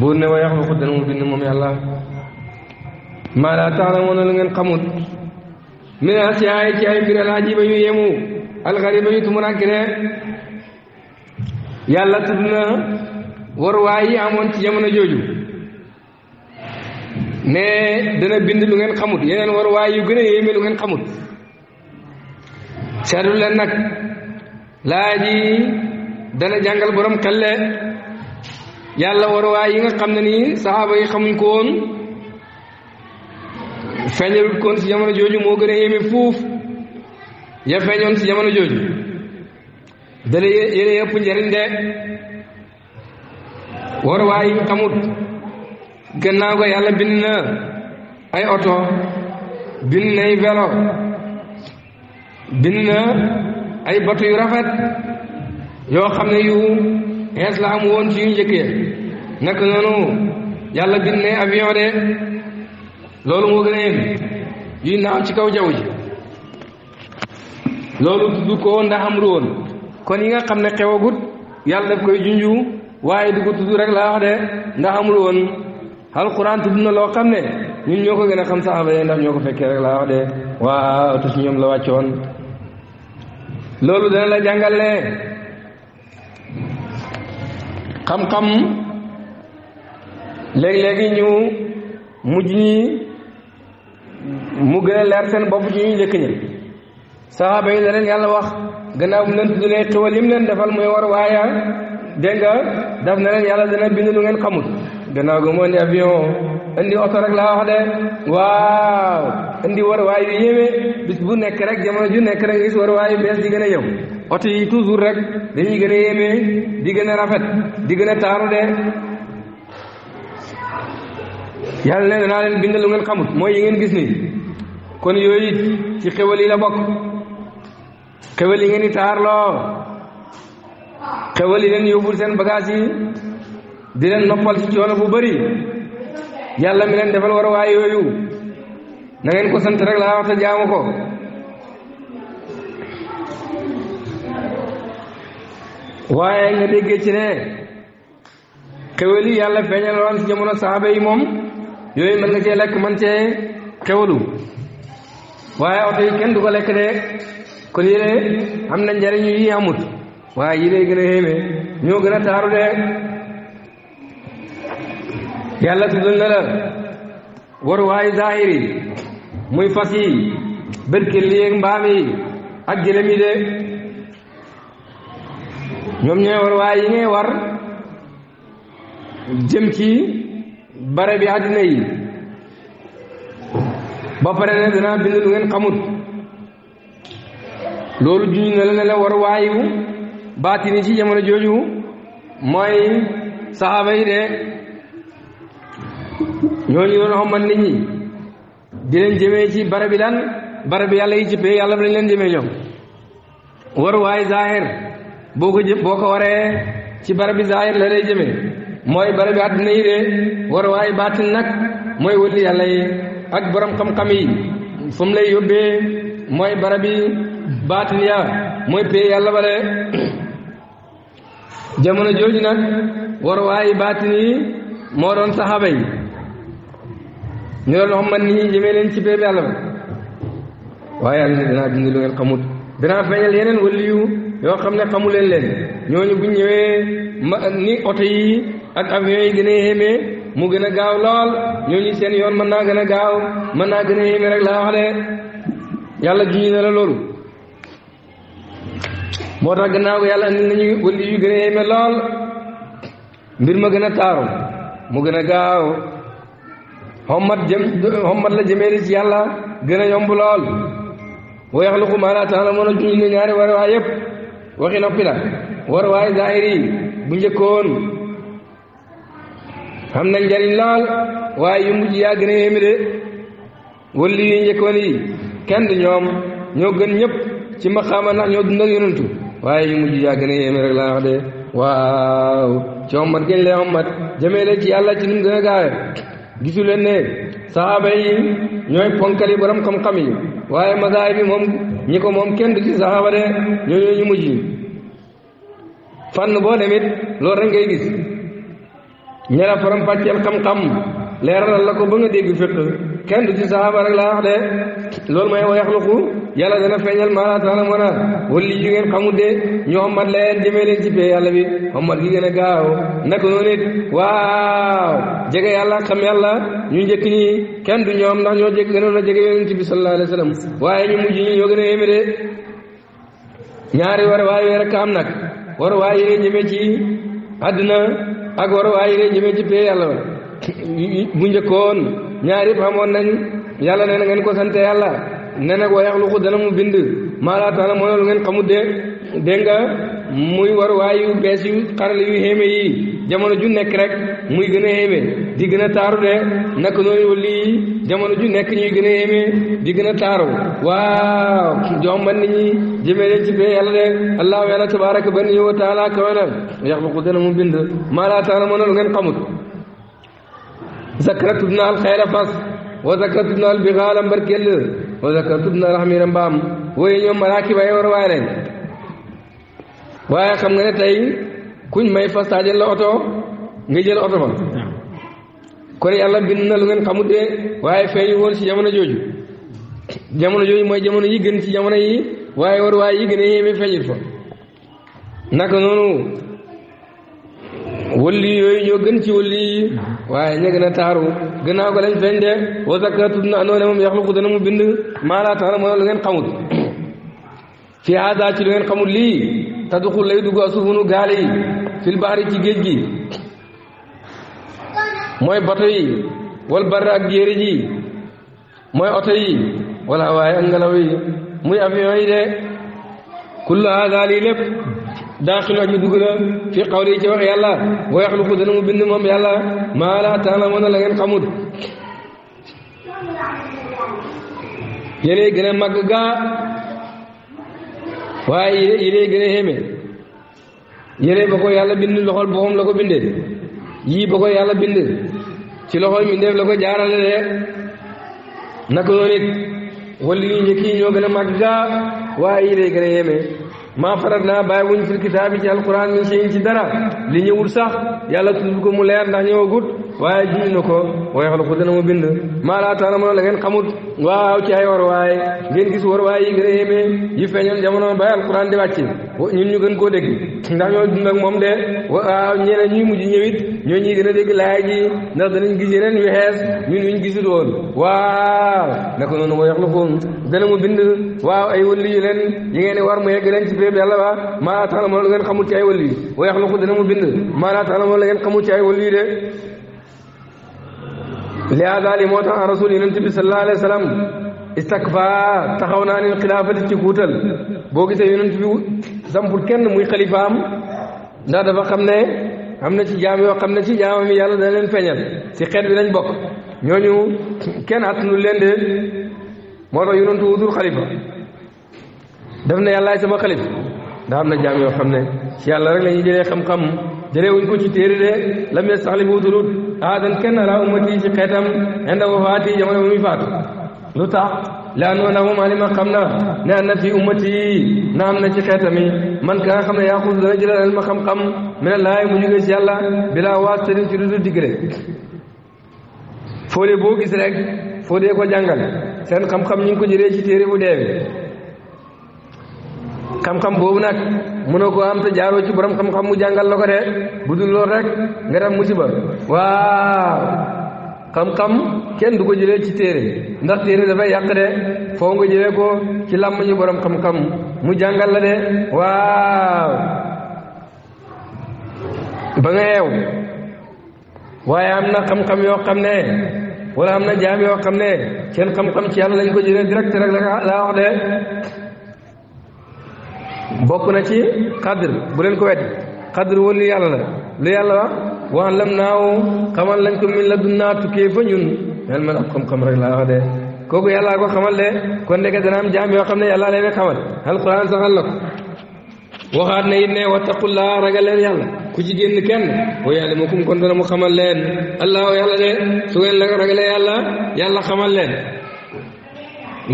buur ne wa yaxluqu dana mu bind moom yàlla maa laa taalamuuna la ngeen xamut min asiyaay ci ay mbir alaajiba yu yemu alxariba yu tumuranke ne yàlla tudd na waruwaay yi amoon ci jamono jooju ne dana bind lu ngeen xamut yeneen waruwaay yu gën a yéeme lu ngeen xamut seetlu leen nag laa dana jàngal borom xel yàlla waruwaay yi nga xam ne nii saxaaba yi xamuñ ko woon koon si jamono jooju moo gën a yéeme fuuf ya feeñoon si jamono jooju dana yéene yëpp njëriñ de waruwaay yi nga xamut gannaaw ko yàlla bind na ay oto bind na ay vélo bind na ay bato yu rafet yoo xam ne yu xees la amu woon ci yu njëkk ya naka noonu yàlla bind ne avion de loolu moo gën a yem yuy naaw ci kaw jaww ji loolu tudd ko woon ndax amul woon kon yi nga xam ne xewagut yàlla daf koy junju waaye du ko rek laa wax de ndax amul woon alquran tudd na loo xam ne ñun ñoo ko gën a xam saxaba yi ndax ñoo ko fekkee rek laa wax de waaw te ñoom la wàccoon loolu dana la jàngal ne xam-xam léegi-léegi ñu mujj ñi mu gën a leer seen bopp ci ñu njëkk ñi saxaaba yi la leen yàlla wax gannaaw mu leen tuddalee xéwal yi mu leen defal muy war waaye dégg nga daf na leen yàlla dana bind lu ngeen xamul gannaaw ga moo avion indi oto rek laa wax de waaw indi waruwaay yu yéeme bis bu nekk rek jamono ju nekk rek gis waruwaay yu bees di gën a ñëw oto yi toujours rek dañuy gën a yéeme di gën a rafet di gën a taaru de yàlla ne danaa leen bind lu ngeen xamut mooy yi ngeen gis nii kon yooyu ci xewal yi la bokk xewal yi ngeen di loo xewal yi leen yóbbul seen bagage yi di leen noppal ci coono bu bari yàlla mi leen defal war a waay yooyu na ngeen ko sant rek laa wax te jaamu ko waaye nga déggee ci ne xewal yi yàlla feeñal woon ci jamono saxaaba yi moom yooyu mën nga cee lekk man cee xewalu waaye oto yi kenn du ko lekk de kon yéen am na njariñ yi amut waaye yi lay gën a yéeme ñoo gën a taaru de yàlla tudd na la waruwaayu zahiri muy fas yi bërkël yi ak mbaam yi ak gëlëm yi de ñoom ñooy waruwaay yi ngay war jëm ci bare bi àddina yi ba pare ne ngeen xamut loolu juñ na la ne la waruwaayu baatini ci jamono jooju mooy saxaaba yi de ñooñu doon man nit ñi di leen jëmee ci barabi lan barabi yàlla yi ci pay yàlla dañ leen jëmee ñoom war waay zahir boo ko boo ko waree ci barabi zahir la lay jëmee mooy barabi àdduna yi de war waay baatin nag mooy wëli yàlla yi ak borom xam-xam yi fu mu lay yóbbee mooy barabi baatin ya mooy pay yàlla ba jamono jooju nag war waay baatin yi moo doon saxaaba yi ñu doon wax man nit ñi jëmee leen ci béeb yàlla ba waaye yàlla ne dinaa dindi lu ngeen xamut dinaa feeñal yeneen waliyu yoo xam ne xamu leen leen ñooñu bu ñëwee ma ni oto yi ak avion yi gën a yéeme mu gën a gaaw lool ñooñu seen yoon mën naa gën a gaaw mën naa gën a yéeme rek laa wax yàlla juñu ne la loolu moo tax gannaaw yàlla andi nañu waliyu yu gën a yéeme lool mbir ma gën a taaru mu gën a gaaw xommat jëm xommat la jëmeeli ci yàlla gën a yomb lool wa yaxluqu maa laa ta'lamuun a ñaari war waay yëpp waxi noppi la war waay zaahiri bu njëkkoon xam na njariñ lool waaye yu mujj yaa gën a yéeme de waaw ci xommat gën lay xommat jëmeele ci yàlla ci nu gën a gaawee gisu leen ne saxaaba yi ñooy ponkali borom xam yi waaye mazaay bi moom ñi ko moom kenn du ci saxaaba de ñoo ñoo ñu mujj fànn boo demit loolu rek ngay gis ñela faram fàcceel xam-xam leeralal la ko ba nga dégg fekk kenn du ci saxaaba rek laa wax de loolu mooy wa yaxluqu yàlla dana feeñal maa laa ta'lamuuna war a wala li de ñu xamal leen jëmee leen ci pee yàlla bi xamal gi gën a gaaw naka noonu it waaw jege yàlla xam yàlla ñu njëkk kenn du ñoom ndax ñoo jëkk gënoon a jege yonent bi sallallahu alayhi wa sallam waaye ñu mujj ñi ñoo gën a yéeme de ñaari war waay yooyu rek am nag war waay yi ngeen jëmee ci àdduna ak war waay yi ngeen jëmee ci pee yàlla bu njëkkoon. ñaar yëpp xamoon nañ yàlla nee na ngeen ko sante yàlla nee na wa yaxluqu dana mu bind maa la taala mooy lu ngeen xamut de dégg nga muy war waay yu bees yu xarale yu xéeme yi jamono ju nekk rek muy gën a xéeme di gën a taaru de naka noonu lii jamono ju nekk yi gën a xéeme di gën a taaru waaw jombat nit ñi jëmee leen ci bee yàlla de allahu yàlla tabaraka ba ni wa taala kawe na yaxluqu dana mu bind maa laa taala mooy lu ngeen xamut സക്രത്തുന്നാൾ ഖൈറഫസ് ഓ സക്രത്തുന്നാൾ ബിഹാലം ബർക്കല്ല് ഓ സക്രത്തുന്നാൾ ഹമീരമ്പാം ഓ ഇനിയോ മലാക്കി വയവറവാരൻ waaye xam nga ne tey kuñ may fas la oto nga jël oto ba kon yàlla bind na lu ngeen xamut de waaye feeñu woon ci jamono jooju jamono jooju mooy jamono yi gën ci jamono yi waaye war waaye yi gën a yéeme feeñut fa naka noonu wolli yooyu ñoo gën ci wolli waaye ña gën a taaru gannaaw ko lañ feeñ de wa zakka tudd na andoo ne moom yaxluqu dana mu bind maa laa taala mooy lu ngeen xamut fi haada lu ngeen xamut lii tadduxul lay dugg asufunu gaal fil bahri ci géej gi mooy bato yi wal barra ak jéeri ji mooy oto yi wala muy avion de kullu haada lii lépp daaxiloo ji dugg la fi xawli yi ci wax yàlla boo yaxluqu dana mu bind moom yàlla maa laa ta'lamuuna la xamut yéenay gën a màgg gaa waaye yéenay gën a xéeme yéenay ba yàlla bind loxol boppam la ko bindee yii ba yàlla bind ci loxol mi def la ko jaarale de naka ñoo gën a màgg gaa waaye yéenay gën a xéeme maa farat naa bàyyi wuñ fil kitaabi ci alquran min shay'in ci dara li ñëwul sax yàlla tudd ko mu leer ndax ñëwagut waaye jiñ na ko waaye ko dana mu bind maa laa la ngeen xamut waaw ay war waay ngeen gis war yi gën yi feeñoon jamono bay alquran di wàcc ñun ñu gën koo dégg ndax ñoo dund ak moom de waaw ñeneen ñuy mujj ñëwit ñoo ñuy gën a dégg laay ji ndax danañ gis yeneen yu xees ñun ñu gisul woon waaw naka noonu mu bind waaw ay wëlli yu leen yi ngeen war mu yegg leen ci péeb yàlla ba maa laa taala la ngeen xamut ci ay wëlli wa yaxluqu dana mu bind maa laa taala la ngeen xamut ci ay wëlli de li haadaali moo tax an rasul yonent bi sallallahu alayhi wa sallam istakfa taxaw naa leen xilaafati ci kuutal boo gisee yonent bi sampul kenn muy xalifaam ndax dafa xam ne am na ci jaam yoo xam ne ci jaamam yàlla dana leen feeñal si xeet bi lañ bokk ñooñu kenn attanu leen de moo tax yonentu wutul xalifa daf na yàllaay sama xalif ndax am na jaam yoo xam ne ci yàlla rek la ñuy xam-xam jëlee wuñ ko ci téere de lam yastaxlifu wutulut aadan kenn laa ummati ci xeetam inda wafaati jamono bu muy faatu lu tax laa noon a moom alima xam na ne am na fi ummati na am na ci xeetami man ka nga xam ne yaa xus dana jëlal alma xam-xam mi ne laay mu ci yàlla bilaa waas tëri ci dudu digre foo dee boo gis rek ko jàngal seen xam-xam ñi ngi ko jëlee ci téere bu dee xam-xam boobu nag mënoo koo am te jaaroo ci borom xam-xam mu jàngal la ko de bu dul loolu rek nga dem musiba waaw xam-xam kenn du ko jëlee ci téere ndax téere dafay yàq de foo nga jëlee ko ci làmmiñu borom xam-xam mu jàngal la de waaw ba nga waaye am na xam-xam yoo xam ne wala am na jaam yoo xam ne seen xam-xam ci yàlla lañ ko jëlee direct rek la wax de bokk na ci xadr bu leen ko weddi xadr wala yàlla la lu yàlla wax wax lam naaw xamal lañ ko min la dun naa ñun mel man ab xam-xam rek laa wax de kooku yàllaa ko xamal de kon ndeke dana am jaam yoo xam ne yàllaa leen xamal alquran saxal la ko waxaat na it ne wattaqullaa ragal leen yàlla ku ci kenn wa yàlla ma kum kon dana mu xamal leen allahu yàlla de su ngeen la ragalee yàlla yàlla xamal leen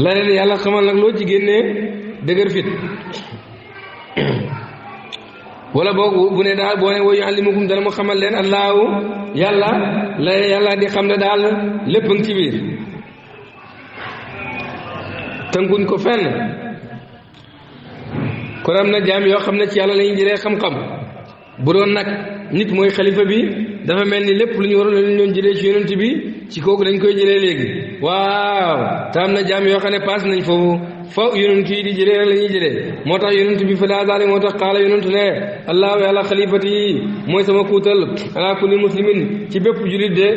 la leen yàlla xamal loo ci génnee dëgër fit wala boog bu ne daal boo ne wooyu allimukum dana mu xamal leen allahu yàlla la yàlla di xam ne daal lépp ngi ci biir tënkuñ ko fenn kon am na jaam yoo xam ne ci yàlla la ñuy jëlee xam-xam bu doon nag nit mooy xalifa bi dafa mel ni lépp lu ñu waroon lu ñu doon jëlee ci yonent bi ci kooku dañ koy jëlee léegi waaw te am na jaam yoo xam ne paas nañ foofu fa yonent yi di jëlee rek la ñuy jëlee moo tax yonent bi fa laa daale moo tax xaala yonent ne allahu yàlla xalifati yi mooy sama kuutal ala kulli muslimin ci bépp julit de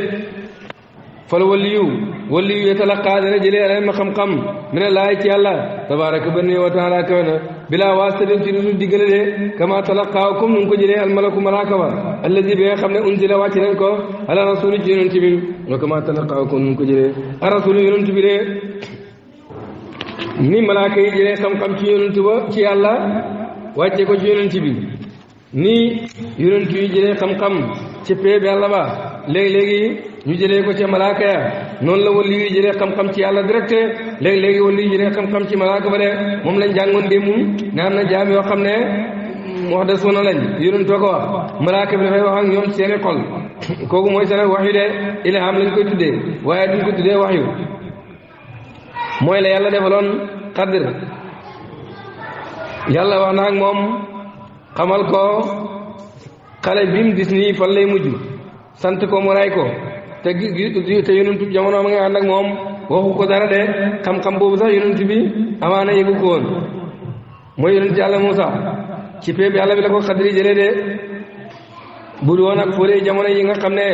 fal waliyu waliyu yatalaqaa dana jëlee alay ma xam-xam mi ne laay ci yàlla tabaraka ba ne wa taala kawe na bilaa waasitatin ci dudu diggale de kama talaqaaw comme nu ngi ko jëlee almalaku malaaka wa alladi bi nga xam ne unzila wàcc nañ ko ala rasuli ci yonent bi wa kama talaqaaw comme nu ngi ko jëlee a rasulu yonent bi de ni malaaka yi jëlee xam-xam ci yonent ba ci yàlla wàcce ko ci yonent bi ni yonent yi jëlee xam-xam ci péeb yàlla ba léegi-léegi ñu jële ko ci malaaka ya noonu la wali yu jëlee xam-xam ci yàlla direct léegi-léegi wali yu jëlee xam-xam ci malaaka ba de moom lañ jàngoon démb ne na jaam yoo xam ne wax de suna lañ yonentoo ko wax malaaka bi dafay wax ak ñoom seeni xol kooku mooy seen waxyu de ilham lañ koy tuddee waaye duñ ko tuddee waxyu mooy la yàlla de fa defaloon xaddir yàlla wax na moom xamal ko xale bi mu gis nii fan lay mujj sant ko mu ray ko te te yonent bi jamono ma nga ànd moom waxu ko dara de xam-xam boobu sax yonent bi amaana yëgu ko woon mooy yonent yàlla Muusa ci péeb yàlla bi la ko xaddir jëlee de bu doon ak fóoree jamono yi nga xam ne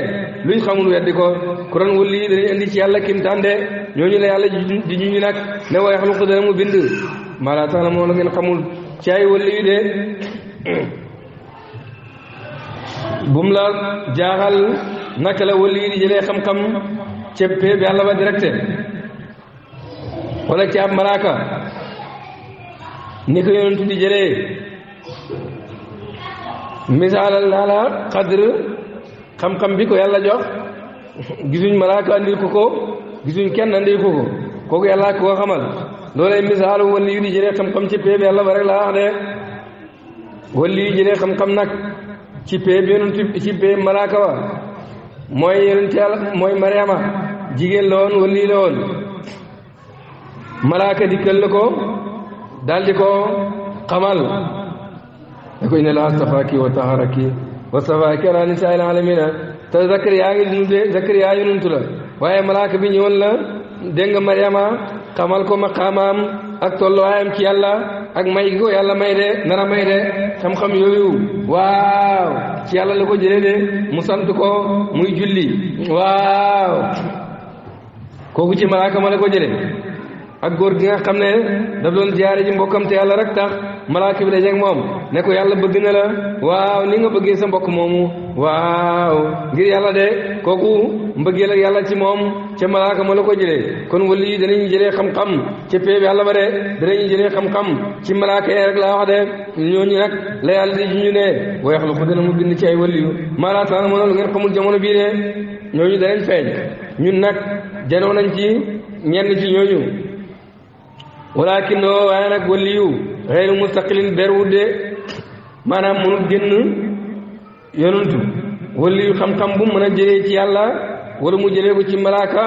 luñ xamul weddi ko ku doon wul lii dañuy indi ci yàlla kimtaan de ñooñu la yàlla di ñu ñu ne waaye xaluq dana mu bind maa laa tax na moom la ngeen xamul ci ay wëlli yu de bum la jaaxal naka la wëlli yi di jëlee xam-xam ca péeb yàlla ba directe wala ci ab malaaka ni ko yonent misaalal naa la xadr xam-xam bi ko yàlla jox gisuñ malaaka andil ko ko gisuñ kenn andil ko ko kooku yàlla ko xamal loolay misaalu wala yu di jëlee xam-xam ci péeb yàlla ba rek laa wax de wala yu jëlee xam-xam nag ci péeb yonent ci péeb malaaka wa mooy yonent yàlla mooy mariama jigéen la woon wala lii woon malaaka dikkal la ko daal ko xamal ko inna laa stafaaki wa taharaki wa stafaaki ala nisaa il alamina Zakariya ngi dundee waaye malaaka bi ñëwoon la dégg nga Mariama xamal ko maqaamaam ak tolluwaayam ci yàlla ak may ko yàlla may de nara may de xam-xam yooyu waaw ci yàlla la ko jëlee de mu sant ko muy julli waaw kooku ci malaaka ma la ak góor gi nga xam ne daf doon ziyaare ji te yàlla rek malaaka bi dajeeg moom ne ko yàlla bëgg na la waaw ni nga bëggee sa mbokk moomu waaw ngir yàlla de kooku mbëggeel ak yàlla ci moom ca malaaka ma la ko jëlee kon wali yi danañu jëlee xam-xam yàlla ba de xam ci malaaka yi rek laa wax de ñooñu nag la yàlla di ñu ne wax lu ko dana mu bind ci ay waliyu maanaam taala moo lu ngeen xamul jamono bii de ñooñu danañ feeñ ñun nag janoo nañ ci ñenn ci ñooñu walakin waaye nag waliyu xeyru mustaqilin beru de maanaam mënul génn yonantu wala xam-xam bu mën a jëlee ci yàlla wala mu jëlee ko ci malaaka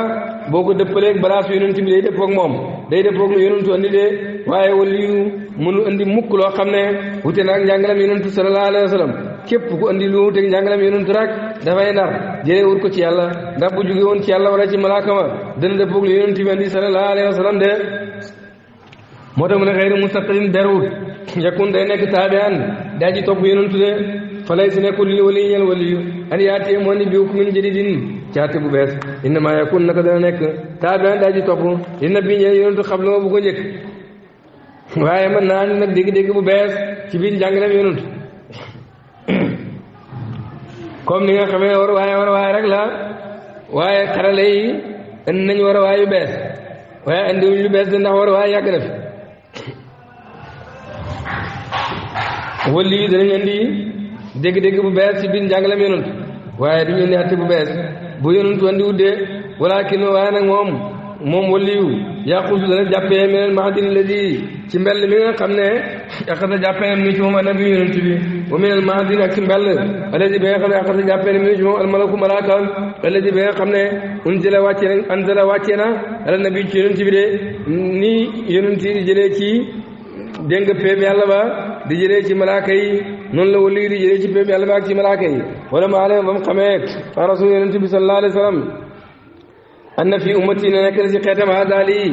boo ko dëppaleeg balaasu yonantu bi day dëppoog moom day dëppoog lu yonantu andi de waaye wala yu mënul andi mukk loo xam ne wute na ak njàngalam yonantu sallallahu alayhi wa sallam képp ku andi lu wuteeg njàngalam yonantu rek dafay nar jëlee wut ko ci yàlla ndax bu jóge woon ci yàlla wala ci malaaka ma dana dëppoog lu yonantu bi andi sallallahu alayhi wa moo tax mu ne xëyri mustaqilin berwut yakun day nekk taabian daa ji topp yonentu de falay si nekkul lil wali ñel waliyu an yaatiye moo ni bi hukmin jadidin caati bu bees innama yakun naka dana nekk taabian daa ji topp li nabi ñeel yonentu xam la ma bu ko njëkk waaye mën naa ni nag dégg-dégg bu bees ci biir njàngaleem yonentu comme ni nga xamee war waaye war waaye rek la waaye xarale yi indi nañ war waaye yu bees waaye indiwuñ bees de ndax war waaye yàgg na fi wëlli yi danañ indi dégg-dégg bu bees ci biir njàngaleem yonent waaye duñu indi àtte bu bees bu yonent andi wuddee walaakin waaye nag moom moom waliyu yaqusu dana jàppee meneen mahadin ladi ci mbell mi nga xam ne axasa jàppee mi ci moom annabi yonent bi wa meneen mahadin ak ci mbell aladi bi nga xam ne axasa jàppee mi ci moom almalaku malaaka aladi bi nga xam ne unzila wàccee na anzala wàccee na ala nabi ci yonent bi de ni yonent yi jëlee ci dégg nga péeb yàlla ba di jëlee ci malaaka yi la wali di jëlee ci péeb yàlla ba ak ci malaaka yi wala maa leen ba mu xamee par rasul yonent bi sallallahu alayhi wa anna fi ummati ne nekk na ci xeetam haadaal yi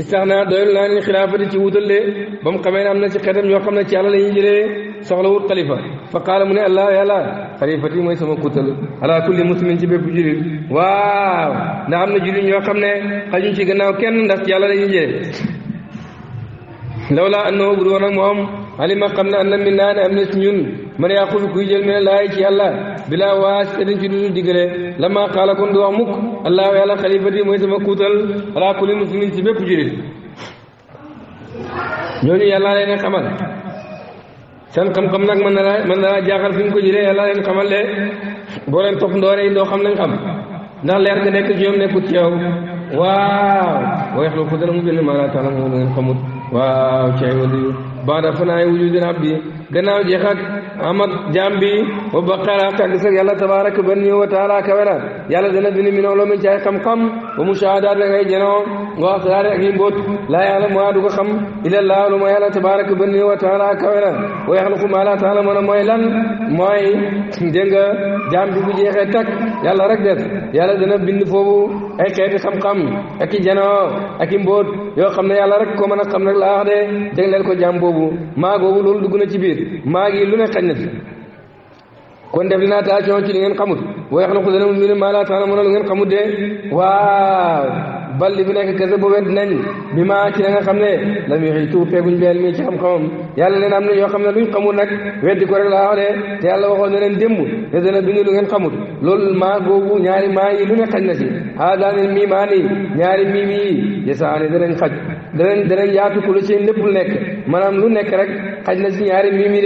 istaxna doyul naa leen xilaafati ci wutal de ba mu xamee ne am na ci xeetam ñoo xam ne ci yàlla la ñuy jëlee soxla wut xalifa fa qaala mu ne allah yàlla xalifati mooy sama kuutal ala kulli muslimin ci bépp julit waaw ndax am na julit ñoo xam ne xajuñ ci gannaaw kenn ndax ci yàlla la lawlaa annoo bu doon ak moom alima xam na an na min naa ne am na ci ñun man yaa xul kuy jël mene laay ci yàlla bilaa waas dañ ci dudu digale lama xaala kon du wax mukk allaahu yàlla xalifati mooy sama kuutal alaa kulli muslimin ci bépp julit ñooñu yàlla leen xamal seen xam-xam nag mën na laa mën na laa jaaxal fi ñu ko jëlee yàlla leen xamal de boo leen topp ndoore yi doo xam lañ xam ndax leer nga nekk ci ñoom nekkut ci yow waaw wa yaxluqu dana mu bind maa laa taalamuun ngeen xamut وشيء بعد فناء وجود ربي gannaaw jeex ak amat jaam bi wa baqara ak gis ak yàlla tabaraka ban wa taala kawe na yàlla dana bini mi loo min ci ay xam-xam wa mushahadaat la ngay janoo nga wax salaare ak yi mbóot laa yàlla moo du ko xam ila laa lu ma yàlla tabaraka ban wa taala kawe na wa yaxluqu ma la taala mën a mooy lan mooy dégg nga jaam bi bu jeexee tak yàlla rek def yàlla dana bind foofu ay xeeti xam-xam ak i janoo ak i mbóot yoo xam ne yàlla rek ko mën a xam nag laa wax de jagleel ko jaam boobu maa googu loolu dugg na ci biir maa ngi lu ne xañ na fi kon def li naa taa ci li ngeen xamut wa yaxluqu dana mu mbir maa laa ta'lamuuna lu ngeen xamut de waaw bal li fi nekk kese bu wedd nañ bi maa nga xam ne lam yuxiitu feeguñ beel mii ci xam-xamam yàlla neen am na ñoo xam ne luñ xamul nag weddi ko rek laa yàlla waxoon leen démb ne dana bind lu ngeen xamul loolu maa googu ñaari maa yi lu ne xaj na si haa maa nii ñaari mii mii yasaani danañ xaj danañ danañ yaatu lépp lu nekk maanaam lu nekk rek xaj na si ñaari mii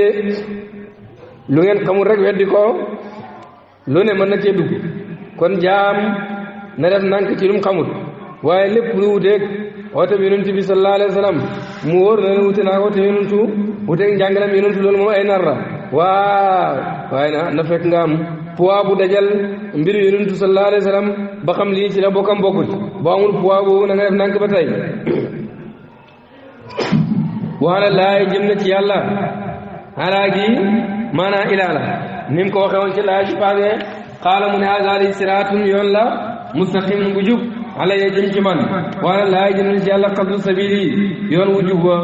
lu ngeen xamul rek weddi ko lu ne mën na cee dugg kon jaam na def nank ci lu mu waaye lépp lu wuteeg woote bi yonent bi sallallahu alayhi wa sallam mu wóor na ne wute naa woote yonentu wuteeg njàngalam yonentu loolu moom ay nar waaw waaye na na fekk nga am bu dajal mbir yonentu sallallahu alayhi wa sallam ba xam lii ci la bokkam bokkut ba amul poids boobu na nga def nànk ba tey waala laay jëm na ci yàlla alaa gi la ni ko waxee woon ci laay mu ne hazaali siraatun yoon la mustaqim bu jub ala ya jëm ci man wala laa jënal ci yàlla xadru sabili yoon wu jub wa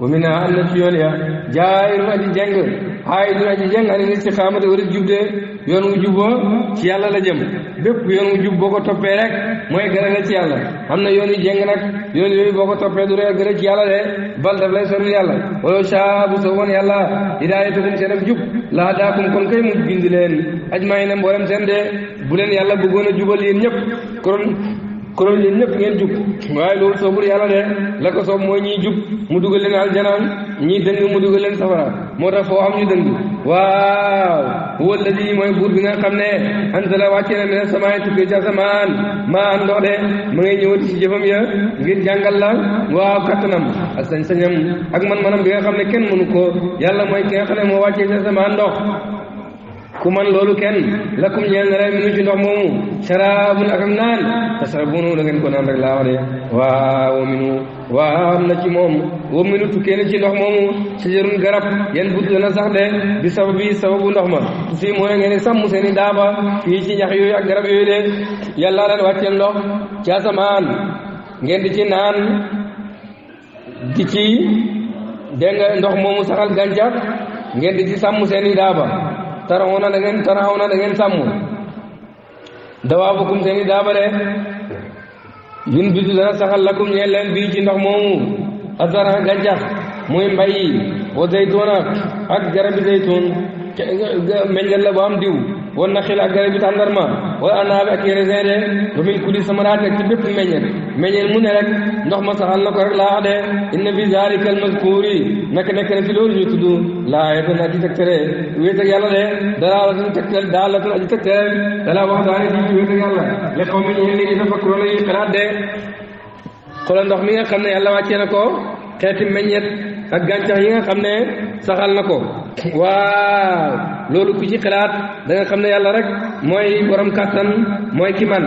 wa mina am na ci yoon ya jaayirun aji jeng haayidun aji jeng ani istiqaamate wari jub de yoon wu jub wa ci yàlla la jëm bépp yoon wu jub boo ko toppee rek mooy gën a ci yàlla am na yoon yu jeng nag yoon yooyu boo ko toppee du rek gën a ci yàlla de bal daf lay soril yàlla wala saabu soo woon yàlla hidaayatukum seen ak jub laa daakum kon kay mu gindi leen ajmaay na mboolem seen de bu leen yàlla bëggoon a jubal yéen ñëpp kon kon yéen ñëpp ngeen jub waaye loolu soobul yàlla de la ko soob mooy ñiy jub mu dugal leen aljanaan ñiy dëng mu dugal leen safara moo tax foo am ñu dëng waaw huwa alladi mooy buur bi nga xam ne anzala wàcce na mine samaay tukkee ca asamaan maa am ndox de ma ngay ñëwati ci jëfam ya ngir jàngal la waaw kattanam ak sañ-sañam ak man-manam bi nga xam ne kenn mënu ko yàlla mooy ki nga xam ne moo wàccee ca asamaan ndox ku man loolu kenn lakum ñeel na la minu ci ndox moomu saraabun ak am naan tasrabuunu ngeen ko naan rek laa de waaw minu waaw am na ci moom wa minu tukkee ci ndox moomu sajarun garab yan but dana sax de bi ndox ma si mooy ngeen sàmm seeni daaba fii ci ñax yooyu ak garab yooyu de yàlla leen wàcceel ndox ci ngeen di ci naan di ci dégg ndox moomu saxal gàncax ngeen di ci sàmm seeni daaba tarawna da ngeen tarawna da ngeen sàmm dawaabukum seen i daabare yun bisu dana saxal lakum ñeel leen bii ci ndox moomu azara gàncax muy mbay wa zaytuun ak garabi zaytuun meññal la bu am diw wala na xil ak garab bi tàndarma wala anaabi de wa min kulli samaraat rek ci bépp meññet meññet ne rek ndox ma saxal na ko rek laa wax de inna fi zalika almazkuri naka nekk na ci loolu ñu tudd laa yatan aji tegtere wéet de dalaalatan tegtere dalaalatan aji tegtere dalaa wax daane ci wéet ak li xaw mi ñeen nit ñi tafakkuroon yi xalaat de xoolal ndox mi nga xam ne yàlla wàccee na ko xeeti meññet ak gàncax yi nga xam ne saxal na ko waaw loolu ku ci xalaat da nga xam ne yàlla rek mooy borom kàttan mooy ki man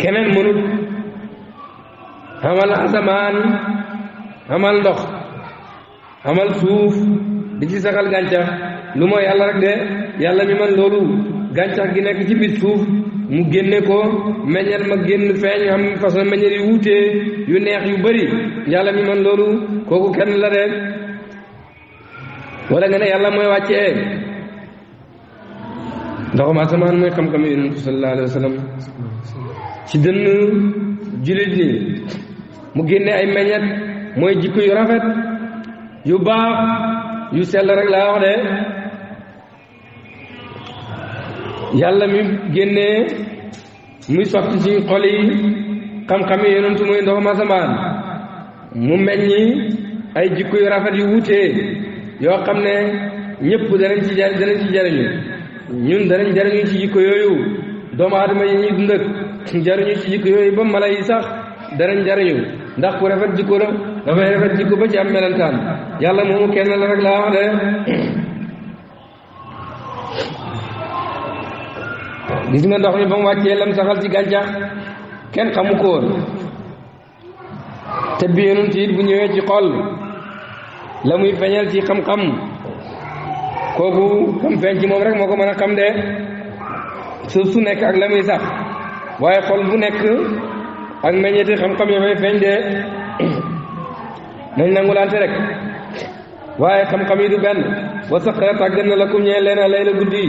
keneen mënut xamal asamaan xamal ndox xamal suuf di ci saxal gàncax lu yàlla rek de yàlla mi man loolu gàncax gi nekk ci biir suuf mu génne ko meññal ma génn feeñ am façon meññal yu wuutee yu neex yu bëri yàlla mi man loolu kooku kenn la de wala nga ne yàlla mooy wàccee ndoxum asamaan mooy xam-xam yonent sallallahu alayhi dënn jullit ñi mu génne ay meññet mooy jikko yu rafet yu baax yu sell rek laa wax de yàlla mi génnee muy sotti ci xol yi xam-xami yonentu muy ndoxum asamaan mu meññi ay jikko yu rafet yu wutee yoo xam ne ñëpp danañ ci jar danañ ci jariñu ñun danañ jariñu ci jikko yooyu doomu aadama yi ñuy dund jariñu ci jikko yooyu ba mala yi sax danañ jariñu ndax ku rafet jikko la dafay rafet jikko ba ci am melentaan yàlla moomu kenn la rek laa wax de gis nga ndox mi ba mu wàccee lam saxal ci gàncax kenn xamu ko te bi yonent bu ñëwee ci xol la muy feeñal ci xam-xam kooku xam feeñ ci moom rek moo ko mën a xam de suuf su nekk ak la sax waaye xol bu nekk ak meññeeti xam-xam ya fay feeñ de nañ nangulante rek waaye xam-xam yi du benn wa saxara tàggat na la kum ñee leen a lay la guddi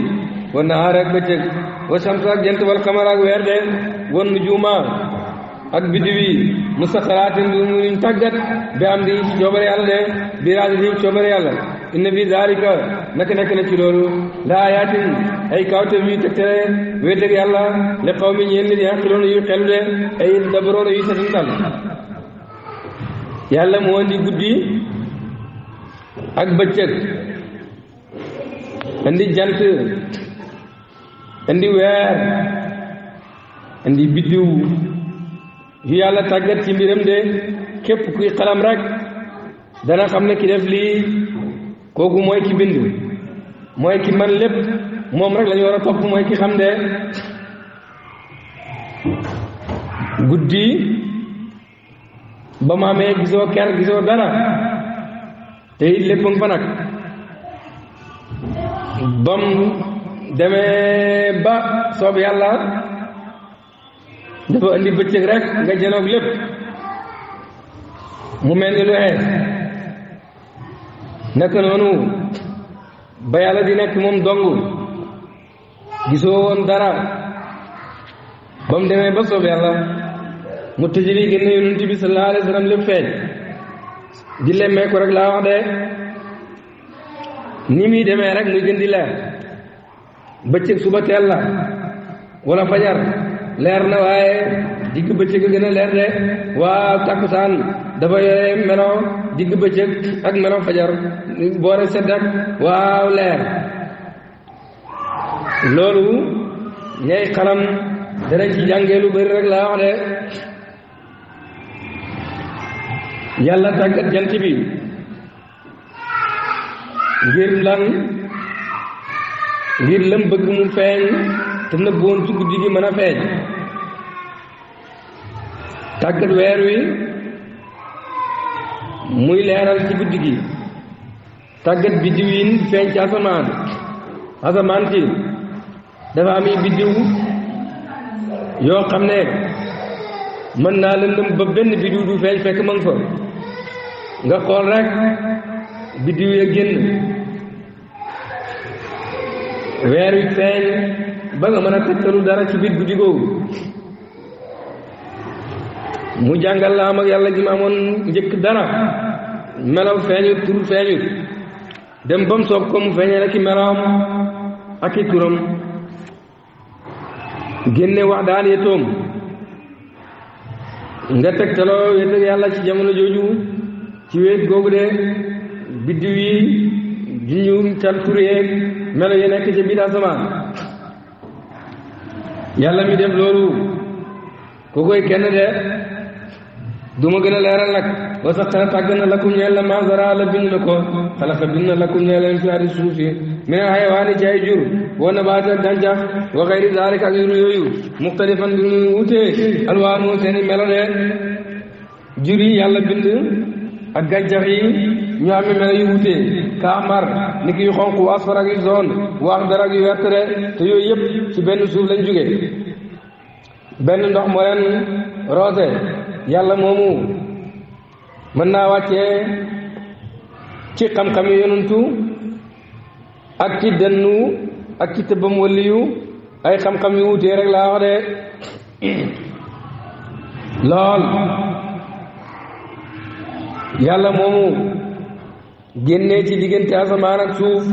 wan nahaar ak bëccëg wa samsu ak jant wal xamar ak weer de wan nujuuma ak biddiw yi musaxaraatin luñ tàggat bi am di coobare yàlla de bi raadi di coobare yàlla inna fi zaalika naka nekk na ci la ayaatin ay kawteef yu tegtale wéy dëgg yàlla le xaw mi ñeen nit yaqiloon yu xelu de ay dabaroon yu setantal yàlla moo indi guddi ak bëccëg indi jant indi weer indi biddiw yu yàlla tàggat ci mbiram de képp kuy xalam rek dana xam ne ki def lii kooku mooy ki bind mooy ki man lépp moom rek la ñu war topp mooy ki xam de guddi ba mu amee gisoo ker gisoo dara te lépp nga fa bam demee ba soob yàlla dafa indi bëccëg rek nga jëloog lépp mu mel ni lu xees naka noonu ba yàlla di nekk moom dong gisoo woon dara ba mu demee ba soob yàlla mu tëjëli génn yonent bi sallallahu alayhi wa lépp feeñ di lemmee rek laa wax de ni muy demee rek muy gën di leer bëccëg suba teel na wala fajar leer na waaye digg bëccëg a gën a leer de waaw takkusaan dafa yore melo digg bëccëg ak melo fajar boore sedd waaw leer loolu ñay xalam danañ ci jàngee lu bëri rek laa wax de yàlla tàggat jant bi ngir lan ngir lam bëgg mu feeñ te nëbboon ci guddi gi mën a feeñ tàggat weer wi muy leeral ci guddi gi tàggat biddiw feeñ ci asamaan asamaan si dafa am yi biddiw yoo xam ne mën naa lëndëm ba benn biddiw du feeñ fekk ma fa nga xool rek biddiw ya génn weer wi feeñ ba nga mën a tegtalu dara ci biir guddi googu mu jàngal la am ak yàlla gi ma amoon njëkk dara melaw feeñut tur feeñut dem ba mu ko mu feeñee la ki melawam ak i turam génne wax daal yetoom nga tegtaloo wéet yàlla ci jamono jooju ci wéet googu de biddiw junjum calkuru yeeg melo yi nekk ci biir asamaan yàlla mi def loolu ku koy kenn de du ma gën a leeral nag wa sax tara tàgg na lakum ñeel la masara bind na ko xalaqa bind na lakum ñeel fi ari suuf yi min xayawaani ci ay jur wa nabaata dancax wa xayri daalik ak yur yooyu muxtalifan bi wutee alwaanu seeni melo de jur yi yàlla bind ak gàncax yi ñu amee melo yu wutee kaamar ni ki yu xonq wa asfar ak yu zone wa axdar yu wert de te yooyu yëpp ci benn suuf lañ jóge benn ndox moo leen roose yàlla moomu mën naa wàccee ci xam-xam yi yonantu ak ci dënnu ak ay xam-xam yu wutee rek laa wax de lool yàlla moomu génnee ci diggante asamaan ak suuf